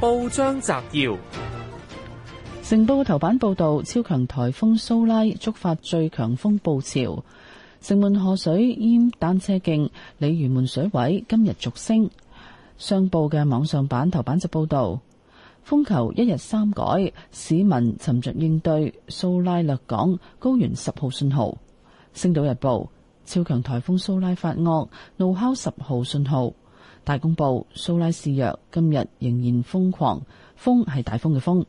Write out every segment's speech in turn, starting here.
報章摘要：成報頭版報道超強台風蘇拉觸發最強風暴潮，城門河水淹單車徑，鯉魚門水位今日續升。商報嘅網上版頭版就報道風球一日三改，市民沉着應對蘇拉掠港，高原十號信號。星島日報：超強台風蘇拉發惡，怒敲十號信號。大公報蘇拉肆虐，今日仍然瘋狂，風係大風嘅風。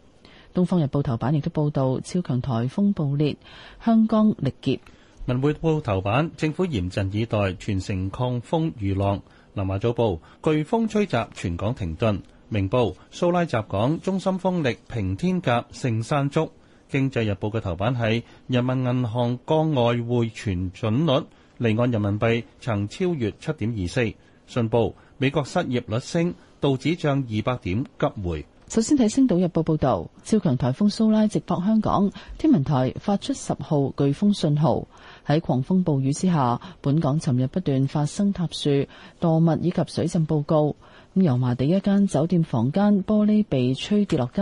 東方日報頭版亦都報道超強颱風暴裂，香港力竭。文匯報頭版，政府嚴陣以待，全城抗風禦浪。南華早報颶風吹襲，全港停頓。明報蘇拉襲港，中心風力平天鴿，勝山竹。經濟日報嘅頭版係人民銀行降外匯存準率，離岸人民幣曾超越七點二四。信報美國失業率升，道指漲二百點急回。首先睇《星島日報》報道，超強台風蘇拉直撲香港，天文台發出十號颶風信號。喺狂風暴雨之下，本港尋日不斷發生塌樹、墮物以及水浸報告。油麻地一間酒店房間玻璃被吹跌落街，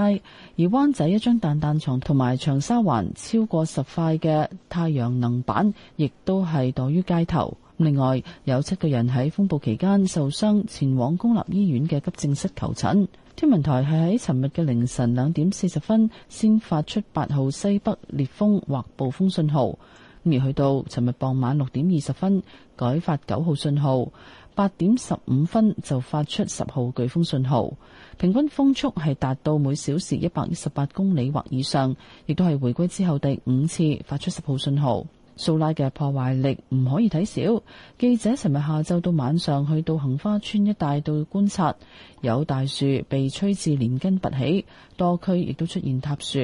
而灣仔一張彈彈床同埋長沙環超過十塊嘅太陽能板，亦都係墮於街頭。另外，有七個人喺風暴期間受傷，前往公立醫院嘅急症室求診。天文台係喺尋日嘅凌晨兩點四十分先發出八號西北烈風或暴風信號，而去到尋日傍晚六點二十分改發九號信號。八點十五分就發出十號颶風信號，平均風速係達到每小時一百一十八公里或以上，亦都係回歸之後第五次發出十號信號。蘇拉嘅破壞力唔可以睇小。記者尋日下晝到晚上去到杏花村一帶度觀察，有大樹被吹至連根拔起，多區亦都出現塌樹。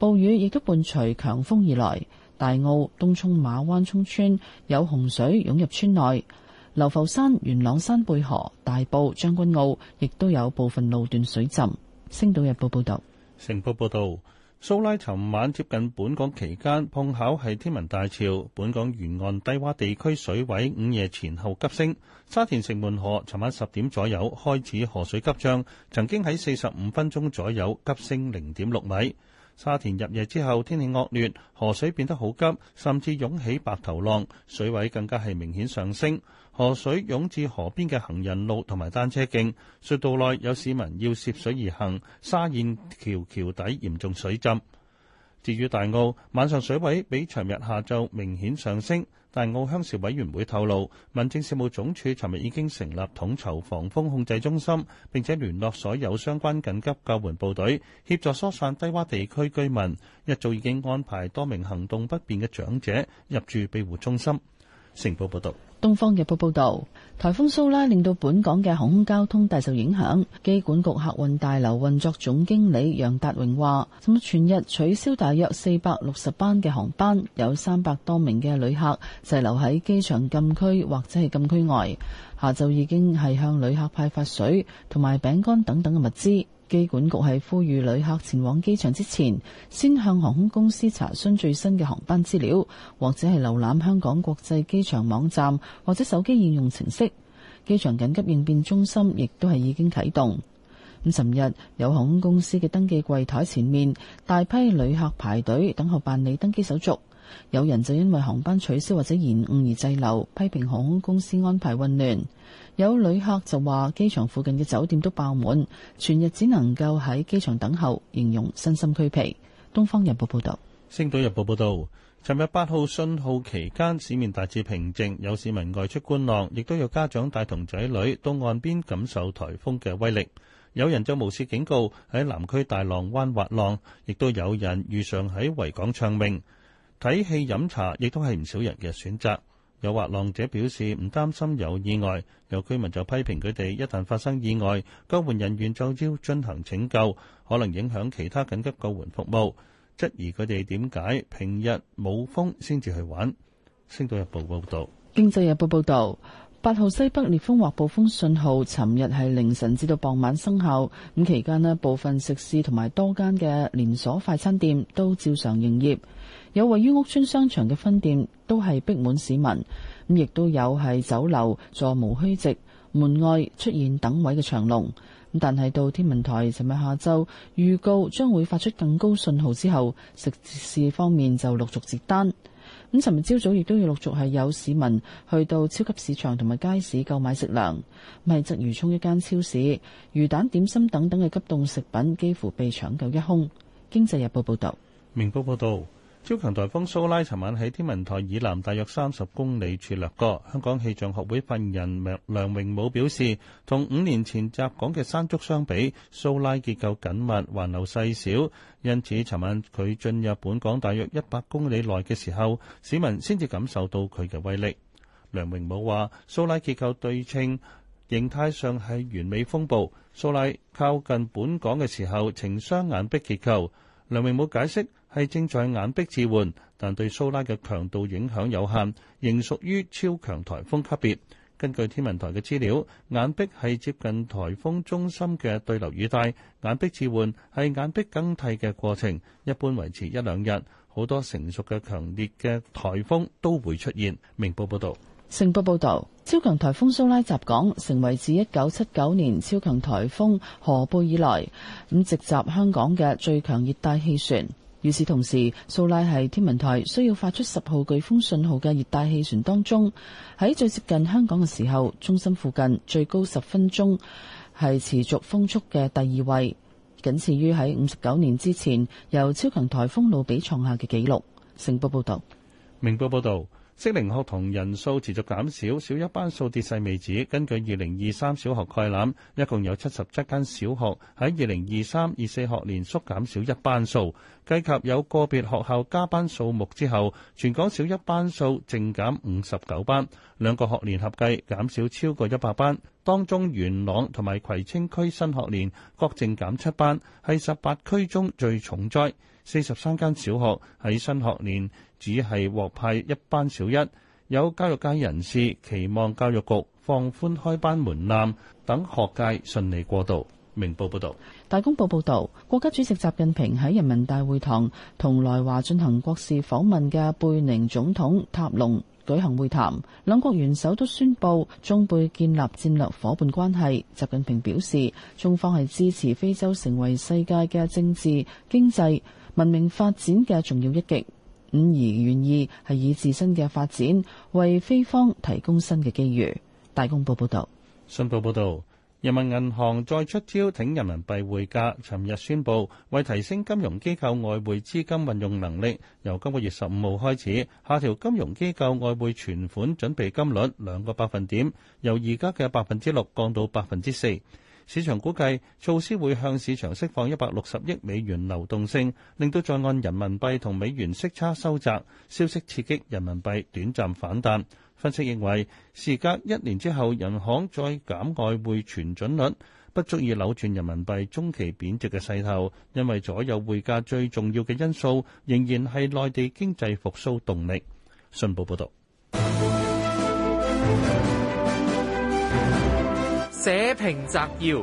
暴雨亦都伴隨強風而來，大澳、東涌、馬灣涌村有洪水湧入村內。流浮山、元朗山貝河、大埔、將軍澳，亦都有部分路段水浸。星島日報報道，成報報道，蘇拉尋晚接近本港期間，碰巧係天文大潮，本港沿岸低洼地區水位午夜前後急升。沙田城門河尋晚十點左右開始河水急漲，曾經喺四十五分鐘左右急升零點六米。沙田入夜之後，天氣惡劣，河水變得好急，甚至湧起白頭浪，水位更加係明顯上升，河水湧至河邊嘅行人路同埋單車徑，隧道內有市民要涉水而行，沙燕橋橋底嚴重水浸。至於大澳，晚上水位比尋日下晝明顯上升，大澳鄉事委員會透露，民政事務總署尋日已經成立統籌防風控制中心，並且聯絡所有相關緊急救援部隊，協助疏散低窪地區居民。一早已經安排多名行動不便嘅長者入住庇護中心。成報報道，東方日報報道，颱風蘇拉令到本港嘅航空交通大受影響。機管局客運大樓運作總經理楊達榮話：咁全日取消大約四百六十班嘅航班，有三百多名嘅旅客滯留喺機場禁區或者係禁區外。下晝已經係向旅客派發水同埋餅乾等等嘅物資。機管局係呼籲旅客前往機場之前，先向航空公司查詢最新嘅航班資料，或者係瀏覽香港國際機場網站，或者手機應用程式。機場緊急應變中心亦都係已經啟動。咁尋日有航空公司嘅登記櫃台前面，大批旅客排隊等候辦理登機手續。有人就因為航班取消或者延誤而滯留，批評航空公司安排混亂。有旅客就話，機場附近嘅酒店都爆滿，全日只能夠喺機場等候，形容身心俱疲。東方日報報道。星島日報報道。尋日八號信號期間，市面大致平靜，有市民外出觀浪，亦都有家長帶同仔女到岸邊感受台風嘅威力。有人就無視警告喺南區大浪灣滑浪，亦都有人遇上喺維港暢泳。睇戲飲茶亦都係唔少人嘅選擇。有滑浪者表示唔擔心有意外，有居民就批評佢哋一旦發生意外，救援人員就要進行拯救，可能影響其他緊急救援服務，質疑佢哋點解平日冇風先至去玩。星島日報報道。經濟日報報道。八號西北烈風或暴風信號，尋日係凌晨至到傍晚生效。咁期間呢部分食肆同埋多間嘅連鎖快餐店都照常營業，有位於屋邨商場嘅分店都係逼滿市民。咁亦都有係酒樓座無虛席，門外出現等位嘅長龍。咁但係到天文台尋日下晝預告將會發出更高信號之後，食肆方面就陸續接單。咁，尋日朝早亦都要陸續係有市民去到超級市場同埋街市購買食糧，鰂魚涌一間超市，魚蛋點心等等嘅急凍食品幾乎被搶購一空。經濟日報報道：明報報道。超強颱風蘇拉尋晚喺天文台以南大約三十公里處掠過，香港氣象學會發言人梁梁榮武表示，同五年前襲港嘅山竹相比，蘇拉結構緊密，環流細小，因此尋晚佢進入本港大約一百公里內嘅時候，市民先至感受到佢嘅威力。梁榮武話：蘇拉結構對稱，形態上係完美風暴。蘇拉靠近本港嘅時候呈雙眼壁結構。梁榮武解釋。係正在眼壁置換，但對蘇拉嘅強度影響有限，仍屬於超強颱風級別。根據天文台嘅資料，眼壁係接近颱風中心嘅對流雨帶，眼壁置換係眼壁更替嘅過程，一般維持一兩日。好多成熟嘅強烈嘅颱風都會出現。明報報道：「成報報道，超強颱風蘇拉襲港，成為自一九七九年超強颱風荷貝以來咁直襲香港嘅最強熱帶氣旋。與此同時，蘇拉係天文台需要發出十號颶風信號嘅熱帶氣旋當中，喺最接近香港嘅時候，中心附近最高十分鐘係持續風速嘅第二位，僅次於喺五十九年之前由超強颱風露比創下嘅紀錄。成報報道，明報報道。適齡學童人數持續減少，小一班數跌勢未止。根據二零二三小學概覽，一共有七十七間小學，喺二零二三、二四學年縮減少一班數，計及有個別學校加班數目之後，全港小一班數淨減五十九班，兩個學年合計減少超過一百班。當中元朗同埋葵青區新學年各淨減七班，係十八區中最重災。四十三間小學喺新學年，只係獲派一班小一，有教育界人士期望教育局放寬開班門檻，等學界順利過渡。明報報道：「大公報報道，國家主席習近平喺人民大會堂同來華進行國事訪問嘅貝寧總統塔隆舉行會談，兩國元首都宣布中貝建立戰略伙伴關係。習近平表示，中方係支持非洲成為世界嘅政治、經濟、文明發展嘅重要一極。五而願意係以自身嘅發展為菲方提供新嘅機遇。大公報報道。信報報道，人民銀行再出招挺人民幣匯價。尋日宣布，為提升金融機構外匯資金運用能力，由今個月十五號開始下調金融機構外匯存款準備金率兩個百分點，由而家嘅百分之六降到百分之四。市場估計措施會向市場釋放一百六十億美元流動性，令到在岸人民幣同美元息差收窄。消息刺激人民幣短暫反彈。分析認為，時隔一年之後，人行再減外匯存準率，不足以扭轉人民幣中期貶值嘅勢頭，因為左右匯價最重要嘅因素仍然係內地經濟復甦動力。信報報道。社評摘要：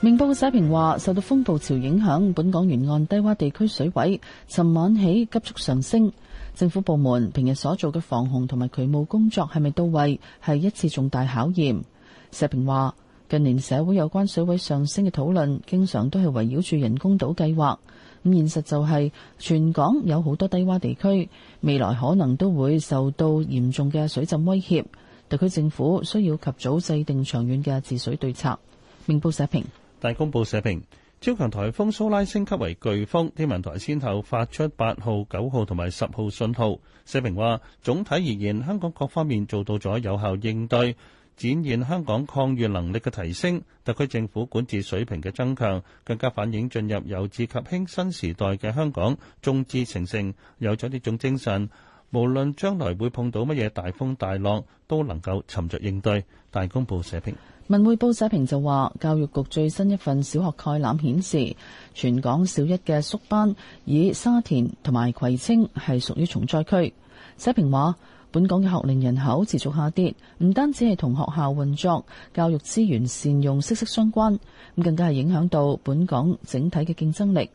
明報社評話，受到風暴潮影響，本港沿岸低洼地區水位，尋晚起急速上升。政府部門平日所做嘅防洪同埋渠務工作係咪到位，係一次重大考驗。社評話，近年社會有關水位上升嘅討論，經常都係圍繞住人工島計劃。咁現實就係，全港有好多低洼地區，未來可能都會受到嚴重嘅水浸威脅。特區政府需要及早制定長遠嘅治水對策。明報社評、大公報社評，超強颱風蘇拉升級為颶風，天文台先後發出八號、九號同埋十號信號。社評話：總體而言，香港各方面做到咗有效應對，展現香港抗御能力嘅提升，特區政府管治水平嘅增強，更加反映進入由治及興新時代嘅香港眾志成城，有咗呢種精神。無論將來會碰到乜嘢大風大浪，都能夠沉着應對。大公報社評、文匯報社評就話，教育局最新一份小學概覽顯示，全港小一嘅縮班，以沙田同埋葵青係屬於重災區。社評話，本港嘅學齡人口持續下跌，唔單止係同學校運作、教育資源善用息息相關，咁更加係影響到本港整體嘅競爭力。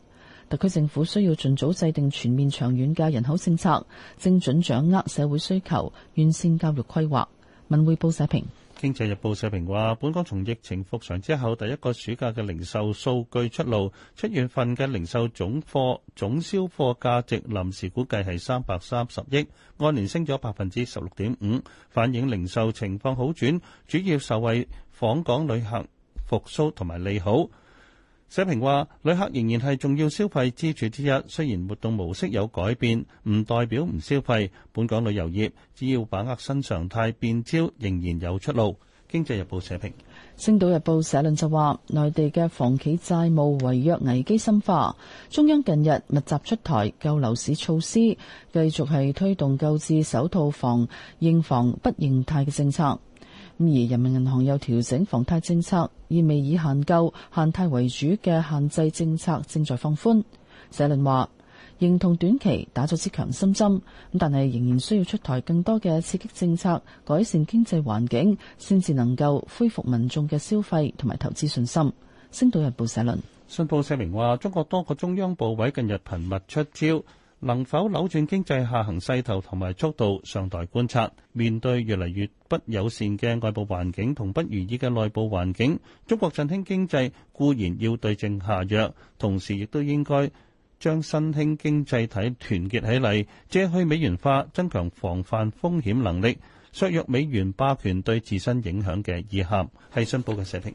特區政府需要盡早制定全面、長遠嘅人口政策，精準掌握社會需求，完善教育規劃。文匯報社評，《經濟日報》社評話：本港從疫情復常之後，第一個暑假嘅零售數據出爐，七月份嘅零售總貨總銷貨價值臨時估計係三百三十億，按年升咗百分之十六點五，反映零售情況好轉，主要受惠訪港旅客復甦同埋利好。社評話，旅客仍然係重要消費支柱之一，雖然活動模式有改變，唔代表唔消費。本港旅遊業只要把握新常態變招，仍然有出路。《經濟日報社評》社評，《星島日報社論》社論就話，內地嘅房企債務違約危機深化，中央近日密集出台救樓市措施，繼續係推動購置首套房、應房不應貸嘅政策。咁而人民銀行又調整房貸政策，意味以限購、限貸為主嘅限制政策正在放寬。社論話，認同短期打咗支強心針，咁但係仍然需要出台更多嘅刺激政策，改善經濟環境，先至能夠恢復民眾嘅消費同埋投資信心。星島日報社論。信報社明話，中國多個中央部委近日頻密出招。能否扭轉經濟下行勢頭同埋速度，尚待觀察。面對越嚟越不友善嘅外部環境同不如意嘅內部環境，中國振興經濟固然要對症下藥，同時亦都應該將新興經濟體團結起嚟，借去美元化，增強防範風險能力，削弱美元霸權對自身影響嘅意涵，係信報嘅社評。